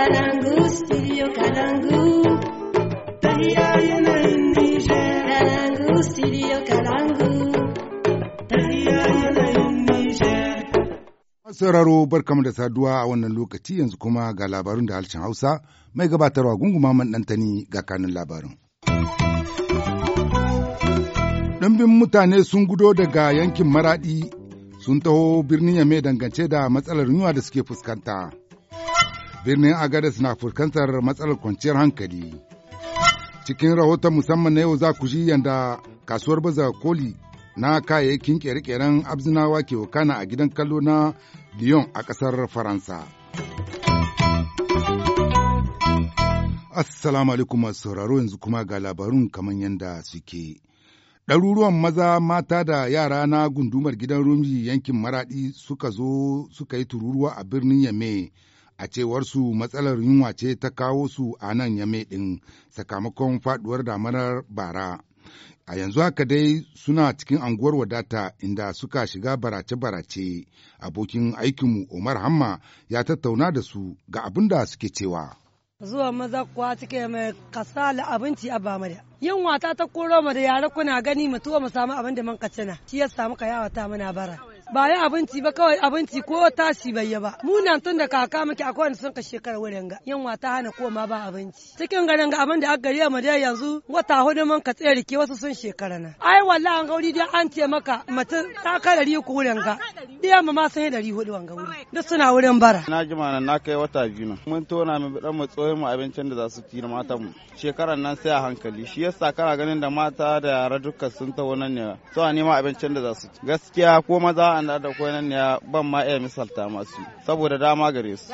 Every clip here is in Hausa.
sauraro studio kama da saduwa a wannan lokaci yanzu kuma ga labarun da halcin Hausa mai gabatarwa gunguma man ɗantani ga kanun labarun. Ɗumbin mutane sun gudo daga yankin Maraɗi sun taho birnin Yame dangance da matsalar yunwa da suke fuskanta. birnin agadas na fuskantar matsalar kwanciyar hankali cikin rahoton musamman na yau za ku ji yadda kasuwar baza koli na kayayyakin kere-keren abzinawa ke wakana a gidan kallo na lyon a ƙasar faransa assalamu alaikum masu sauraro yanzu kuma ga labarun kamar yadda suke ɗaruruwan maza mata da yara na gundumar gidan rumi yankin maraɗi suka zo suka yi tururuwa a birnin yame a cewar su matsalar yunwa ce ta kawo su a nan yame ɗin sakamakon faɗuwar damarar bara. A yanzu haka dai suna cikin anguwar wadata inda suka shiga barace-barace. Abokin aikinmu Omar Hamma ya tattauna da su ga abin da suke cewa. Zuwa maza kuwa suke mai kasala abinci a bamada. Yin wata ta koro ma da yare kuna gani mutuwa mu samu abin da man kacina. Shi ya samu ka ta muna bara. ba ya abinci ba kawai abinci ko tasi bai ba mu na tun da kaka muke akwai wanda sun ka shekara wurin ga yanwa ta hana koma ba abinci cikin garin ga abin da aka gari mu dai yanzu wata hudu mun ka tsere ke wasu sun shekara na ai wallahi an gauri dai an ce maka mutum ta kai dari ku wurin ga diya mu ma sai dari hudu an gauri duk suna wurin bara na jima nan na kai wata biyu na mun tona mu dan mu tsoye mu abincin da za su ci mata mu shekaran nan sai a hankali shi yasa kana ganin da mata da yara dukkan sun taho nan ne a nima abincin da za su ci gaskiya ko maza wa'anda da koyanan ya ban ma iya misalta masu saboda dama gare su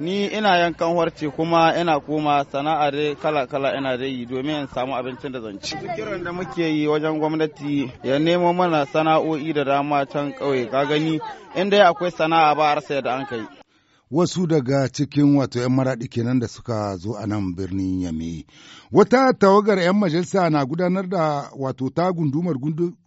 ni ina yankan warce kuma ina koma sana'a dai kala kala ina da yi domin in samu abincin da zan ci kiran da muke yi wajen gwamnati ya nemo mana sana'o'i da dama can kauye ka gani inda akwai sana'a ba a rasa yadda an kai wasu daga cikin wato 'yan maraɗi kenan da suka zo a nan birnin Yami. wata tawagar 'yan majalisa na gudanar da wato ta gundumar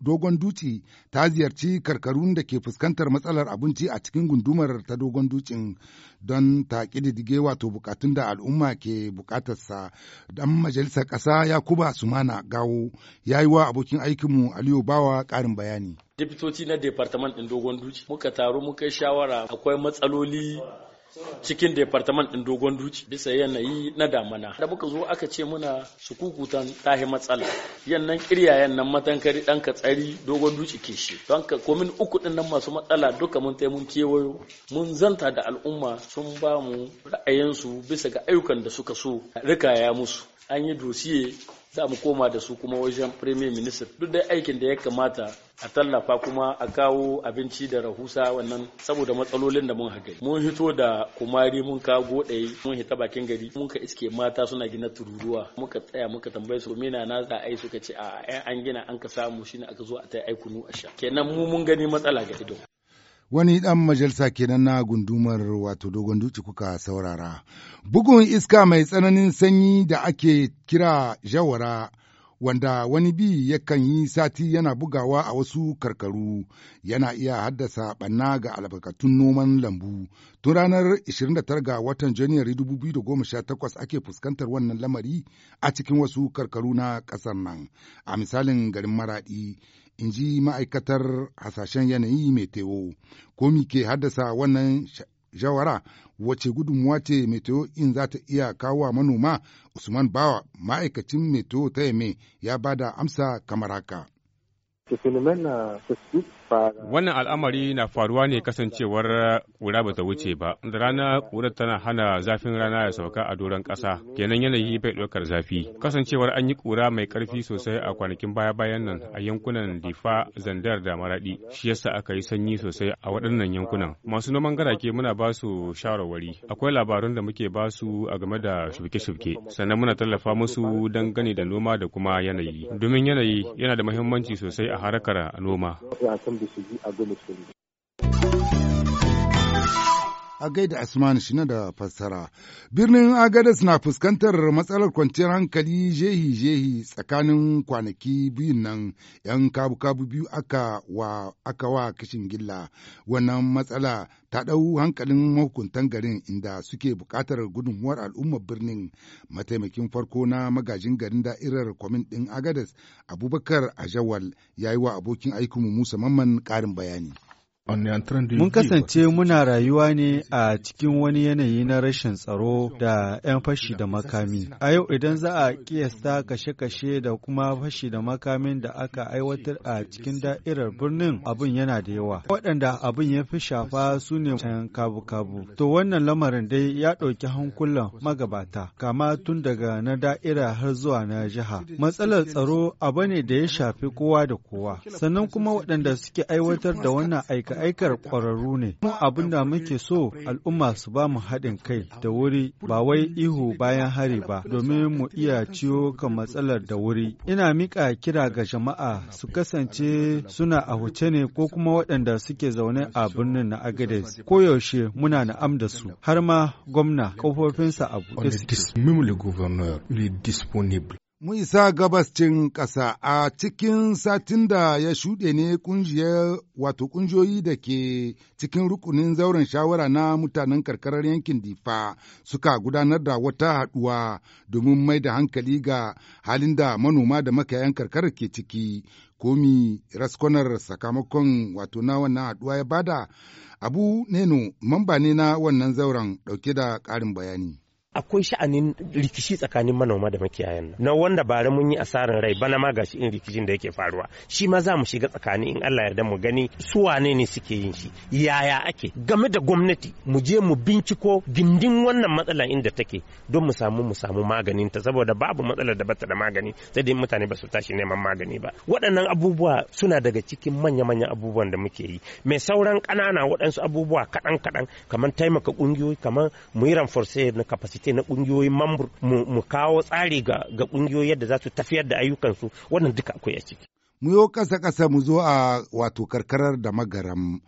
dogon duci ta ziyarci karkarun da ke fuskantar matsalar abinci a cikin gundumar ta dogon ducin don ta ƙididdige wato bukatun da al'umma ke bukatarsa dan majalisar ƙasa yakuba sumana gawo ya yi wa abokin aikinmu aliyu bawa ƙarin bayani dibitoci na departament ɗin dogon duci muka taru muka shawara akwai matsaloli cikin departament ɗin dogon duci bisa yanayi na damana da muka zo aka ce muna su kukutan tahi matsala yannan kiryayen nan matankari ɗan ka tsari dogon duci ke shi don ka komin uku ɗin nan masu matsala duka mun tai mun kewayo mun zanta da al'umma sun ba mu ra'ayinsu bisa ga ayyukan da suka so rikaya musu an yi dosiye za mu koma da su kuma wajen premier minister duk da aikin da ya kamata a tallafa kuma a kawo abinci da rahusa wannan saboda matsalolin da mun haka mun hito da kumari mun kago ɗaya mun hita bakin gari mun ka iske mata suna gina tururuwa muka tsaya muka tambaye su mina na za a yi suka ce a an gina an ka samu shine aka zo a tai aikunu a sha kenan mu mun gani matsala ga ido wani ɗan majalisa kenan na gundumar wato dogon duci kuka saurara. Bugun iska mai tsananin sanyi da ake kira jawara wanda wani bi yakan yi sati yana bugawa a wasu karkaru yana iya haddasa ɓanna ga albarkatun noman lambu tun ranar 29 ga watan janairu 2018 ake fuskantar wannan lamari a cikin wasu karkaru na ƙasar nan a misalin garin maraɗi in ji ma'aikatar hasashen yanayi mai ko komi ke haddasa wannan shawara wace gudunmuwa ce meteo in za ta iya kawo manoma usman bawa ma'aikacin meteo ta yame ya bada amsa kamar haka. Wannan al'amari na faruwa ne kasancewar ƙura ba ta wuce ba. Da rana ƙura tana hana zafin rana ya sauka a doron ƙasa, kenan yanayi bai ɗaukar zafi. Kasancewar an yi ƙura mai ƙarfi sosai a kwanakin baya-bayan nan a yankunan Difa, Zandar da Maraɗi, shi yasa aka yi sanyi sosai a waɗannan yankunan. Masu noman garake muna ba su shawarwari. Akwai labarun da muke ba su a game da shuke-shuke, sannan muna tallafa musu dangane da noma da kuma yanayi. Domin yanayi yana da muhimmanci sosai a harkar noma. de ce à d'autres a gaida Asman shi na da fassara. Birnin Agadas na fuskantar matsalar kwanciyar hankali jehi-jehi tsakanin kwanaki biyun nan ‘yan kabu-kabu biyu aka wa, kishin gilla. Wannan matsala ta ɗau hankalin mahukuntan garin inda suke buƙatar gudunmuwar al'ummar birnin. Mataimakin farko na magajin garin da'irar kwamin ɗin Agadas Abubakar Ajawal ya yi wa abokin aikinmu Musa Mamman ƙarin bayani. Mun kasance muna rayuwa ne a cikin wani yanayi na rashin tsaro da 'yan fashi da makami. A yau idan za a kiyasta kashe-kashe da kuma fashi da makamin da aka aiwatar a cikin da'irar birnin abin yana da yawa. Waɗanda abin ya fi shafa su ne can kabu-kabu. To wannan lamarin dai ya ɗauki hankulan magabata, kama tun daga na da'ira har zuwa na jiha. Matsalar tsaro abu ne da ya shafi kowa da kowa. Sannan kuma waɗanda suke aiwatar da wannan aika aikar ƙwararru ne. Mu abin da muke so al'umma su ba mu haɗin kai da wuri ba wai ihu bayan hari ba domin mu iya ciyo kan matsalar da wuri. Ina miƙa kira ga jama'a su kasance suna a huce ne ko kuma waɗanda suke zaune a birnin na Agadez. Koyaushe muna na'am da su har ma gwamna kafofinsa a buɗe suke. mu isa cin ƙasa a cikin satin da ya shuɗe ne ƙungiyar wato ƙungiyoyi da ke cikin rukunin zauren shawara na mutanen karkarar yankin difa suka gudanar da wata haɗuwa domin mai da hankali ga halin da manoma da makayan karkarar ke ciki komi raskonar sakamakon wato na wannan haɗuwa ya bada abu neno mamba ne na wannan zauren ɗauke da ƙarin bayani. akwai sha'anin rikici tsakanin manoma da makiyayan nan na wanda bara mun yi asarin rai bana ma gashi in rikicin da yake faruwa shi ma za mu shiga tsakani in Allah yarda mu gani su wane ne suke yin shi yaya ake game da gwamnati mu je mu binciko gindin wannan matsalar inda take don mu samu mu samu maganin ta saboda babu matsalar da bata da magani sai dai mutane ba su tashi neman magani ba waɗannan abubuwa suna daga cikin manya-manyan abubuwan da muke yi mai sauran ƙanana waɗansu abubuwa kaɗan-kaɗan kamar taimaka ƙungiyoyi kamar mu yi na kapasiti. ce na kungiyoyin mambur mu kawo tsari ga kungiyoyi yadda za su tafiyar da ayyukansu wannan duka akwai a ciki mu yo kasa kasa mu zo a wato karkarar da magaram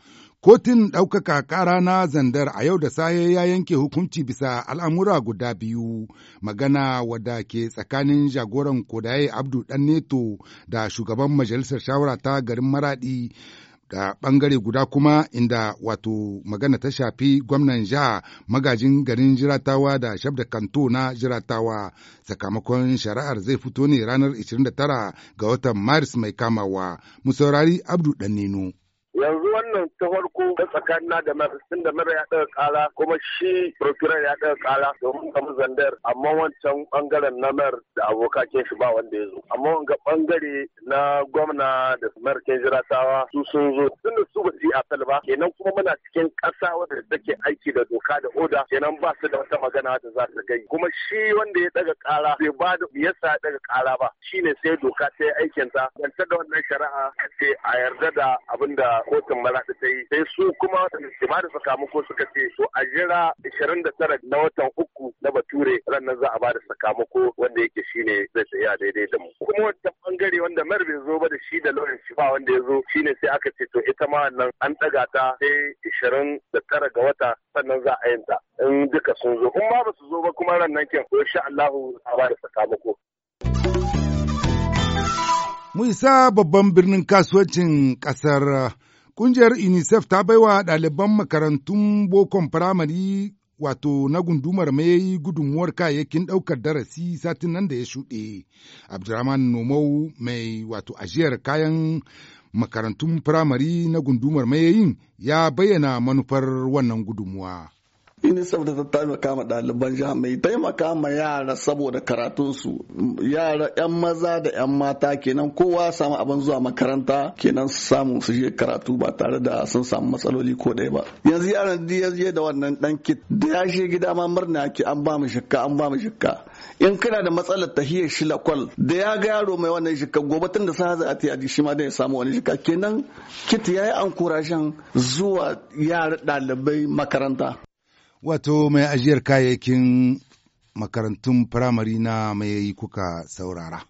Kotun ɗaukaka ƙara na zandar a yau da saye ya yanke hukunci bisa al'amura guda biyu, magana wadda ke tsakanin jagoran kodaye Abdu Ɗan Neto da shugaban majalisar shawara ta garin Maraɗi da ɓangare guda kuma inda wato magana ta shafi gwamnan jiha magajin garin jiratawa da shabda kanto na jiratawa sakamakon shari'ar zai fito ne ranar 29 ga watan maris mai kamawa mu saurari abdu ɗannino. yanzu wannan ta farko ta na da mara tun da mara ya ɗaga kala kuma shi procurer ya ɗaga kala domin kamu zandar amma wancan bangaren na mayar da abokakin shi ba wanda ya zo amma wanga bangare na gwamna da mayar ke jiratawa su sun zo tun da su ba su yi asal ba kenan kuma muna cikin ƙasa wadda take aiki da doka da oda kenan ba su da wata magana da za su gai kuma shi wanda ya ɗaga kala bai ba da yasa ya ɗaga kala ba shine sai doka ta yi aikinta ta. da wannan shari'a ce a yarda da abin da kotun maraɗi ta yi sai su kuma ke da sakamako suka ce to a jira 29 na watan uku na bature ran za a ba da sakamako wanda yake shine zai tsaya daidai da mu kuma wata bangare wanda mar bai zo ba da shi da lauren shi ba wanda ya zo shine sai aka ce to ita ma nan an ɗaga ta sai tara ga wata sannan za a yanta in duka sun zo kuma ba su zo ba kuma ran nan ko insha Allahu a ba da sakamako Mu isa babban birnin kasuwancin ƙasar Ƙungiyar UNICEF ta baiwa ɗaliban makarantun bokon firamare wato na gundumar mai gudunmuwar kayayyakin ɗaukar darasi satin nan da ya shuɗe. Abdulrahman Nomau mai wato ajiyar kayan makarantun firamare na gundumar mayayin ya bayyana manufar wannan gudunmuwa. UNICEF da ta taimaka ma ɗaliban jiha mai taimaka ma yara saboda karatunsu yara 'yan maza da 'yan mata kenan kowa samu abin zuwa makaranta kenan samun su je karatu ba tare da sun samu matsaloli ko ɗaya ba yanzu yaran da ya je da wannan dan kit da ya je gida ma murna ki an ba mu shikka an ba mu shikka in kana da matsalar tahiyar shi lakwal da ya ga yaro mai wannan shikka gobe tun da sa a tiyaji shi ma da ya samu wani shikka kenan kit ya yi an kurashin zuwa yara ɗalibai makaranta wato mai ajiyar kayayyakin makarantun firamare na mai kuka saurara.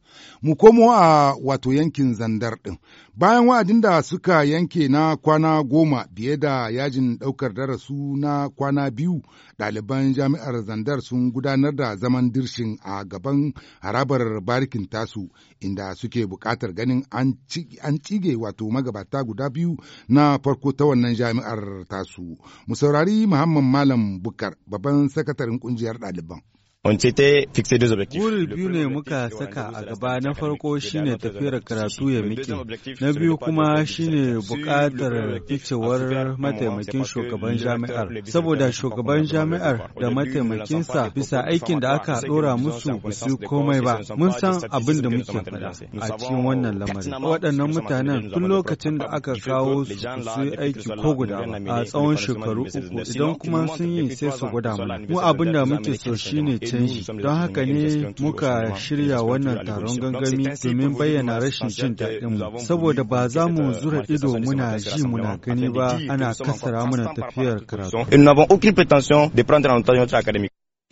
Mu komo a wato yankin zandar ɗin. Bayan wa'adin da suka yanke na kwana goma biye da yajin ɗaukar darasu na kwana biyu, ɗaliban jami'ar zandar sun gudanar da zaman dirshin a gaban harabar barikin tasu inda suke buƙatar ganin an cige wato magabata guda biyu na farko ta wannan jami'ar tasu. Mu saurari Muhammad Malam Bukar, babban sakataren ƙungiyar ɗaliban. Buri biyu ne muka saka a gaba na farko shine tafiyar karatu ya miƙe, na biyu kuma shine buƙatar ficewar mataimakin shugaban jami'ar, saboda shugaban jami'ar da mataimakinsa bisa aikin da aka ɗora musu ba su komai ba. Mun san abin da muke faɗa a cikin wannan lamari. Waɗannan mutanen tun lokacin da aka kawo su su aiki ko guda a tsawon shekaru uku idan kuma sun yi sai su guda mu. Mu abin da muke so shine ƙasashen shi don haka ne muka shirya wannan taron gangami domin bayyana rashin jin daɗinmu saboda ba za mu zura ido muna ji muna gani ba ana kasara muna tafiyar karatu.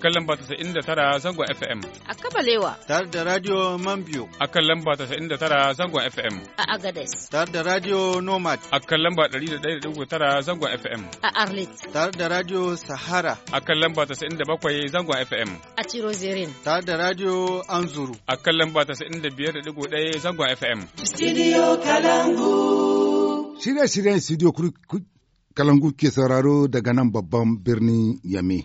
kan lamba tara zangon FM. A Kabalewa. Tare da Radio Mambio. A kan lamba tara zangon FM. A Agades. Tare da Radio Nomad. A kan lamba tara zangon FM. A Arlit. Tare da Radio Sahara. A kan lamba bakwai zangon FM. A Tirozirin. Tare da Radio Anzuru. A kan lamba ɗaya zangon FM. Studio Kalangu. Shirye-shiryen Studio Kalangu ke sauraro daga nan babban birnin Yame.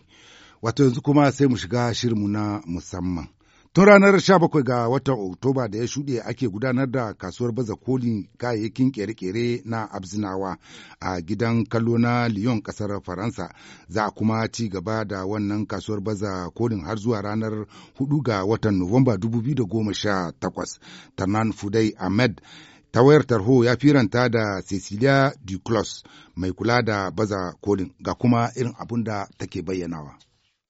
Wato yanzu kuma sai mu shiga shirinmu na musamman. Tun ranar 17 ga watan Oktoba da ya shuɗe ake gudanar da kasuwar baza kolin kayayyakin ƙere kere na Abzinawa a gidan kallo na Lyon ƙasar Faransa. Za a kuma ci gaba da wannan kasuwar baza kolin har zuwa ranar 4 ga watan Nuwamba 2018. Tarnan Fudai Ahmed ta wayar tarho ya firanta da Cecilia Duclos mai kula da baza kolin ga kuma irin abin da take bayyanawa.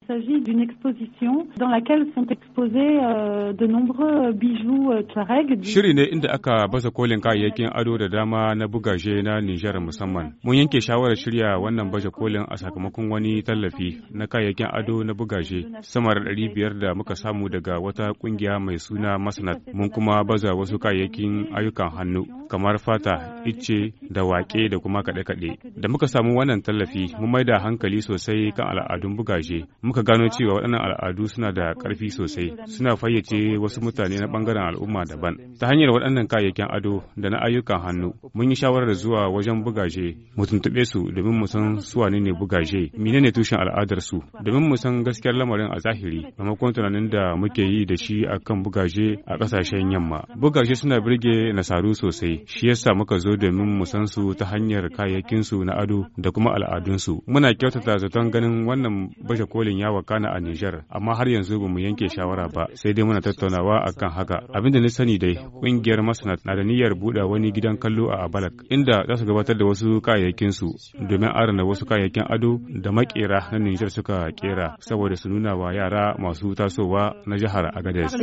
Il s'agit d'une exposition dans laquelle sont exposés euh, de nombreux euh, bijoux euh, Touareg. Shiri ne inda aka basa kolin kayayyakin ado da dama na bugaje na Nijar musamman. Mun yanke shawarar shirya wannan basa kolin a sakamakon wani tallafi na kayayyakin ado na bugaje sama da ɗari biyar da muka samu daga wata ƙungiya mai suna Masnat. Mun kuma baza wasu kayayyakin ayyukan hannu kamar fata, icce da wake da kuma kaɗe-kaɗe. Da muka samu wannan tallafi, mun maida hankali sosai kan al'adun bugaje. muka gano cewa waɗannan al'adu suna da ƙarfi sosai suna fayyace wasu mutane na ɓangaren al'umma daban ta hanyar waɗannan kayayyakin ado da na ayyukan hannu mun yi shawarar zuwa wajen bugaje mu tuntuɓe su domin mu san su wane ne bugaje menene tushen al'adar su domin mu san gaskiyar lamarin a zahiri maimakon tunanin da muke yi da shi akan bugaje a ƙasashen yamma bugaje suna birge nasaru sosai shi yasa muka zo domin mu san su ta hanyar kayayyakin su na ado da kuma al'adunsu muna kyautata zaton ganin wannan baje kolin ya wakana a Nijar, amma har yanzu ba mu yanke shawara ba, sai dai muna tattaunawa kan haka. Abin da na sani dai, ƙungiyar masana na da niyyar buɗe wani gidan kallo a Abalak, inda za su gabatar da wasu kayayyakin su domin arana wasu kayayyakin ado da makera na Nijar suka kera saboda su nuna wa yara masu tasowa na jihar Agadez.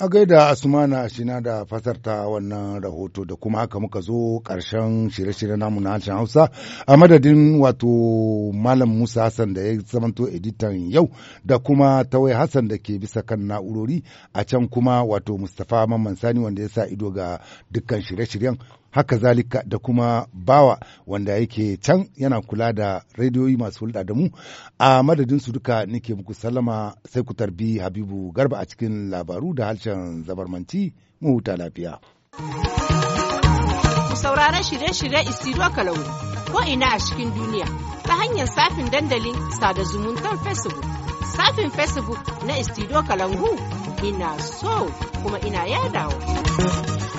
A gaida Asumana Shina da fasarta wannan rahoto da kuma haka muka zo karshen shirye shiryen namu na harshen Hausa a madadin wato Malam Musa Hassan da ya zamanto editan yau da kuma Tawai Hassan da ke bisa kan na'urori a can kuma wato Mustapha Mamman Sani wanda ya sa ido ga dukkan shirye-shiryen haka zalika da kuma bawa wanda yake can yana kula da rediyoyi masu hulɗa da mu a madadin su duka nake muku sallama sai ku tarbi habibu garba a cikin labaru da harshen zabarmanci mu huta lafiya sauraron shirye-shirye isiro kalau ko ina a cikin duniya ta hanyar safin dandalin sada zumuntar facebook safin facebook na isiro kalangu ina so kuma ina yadawa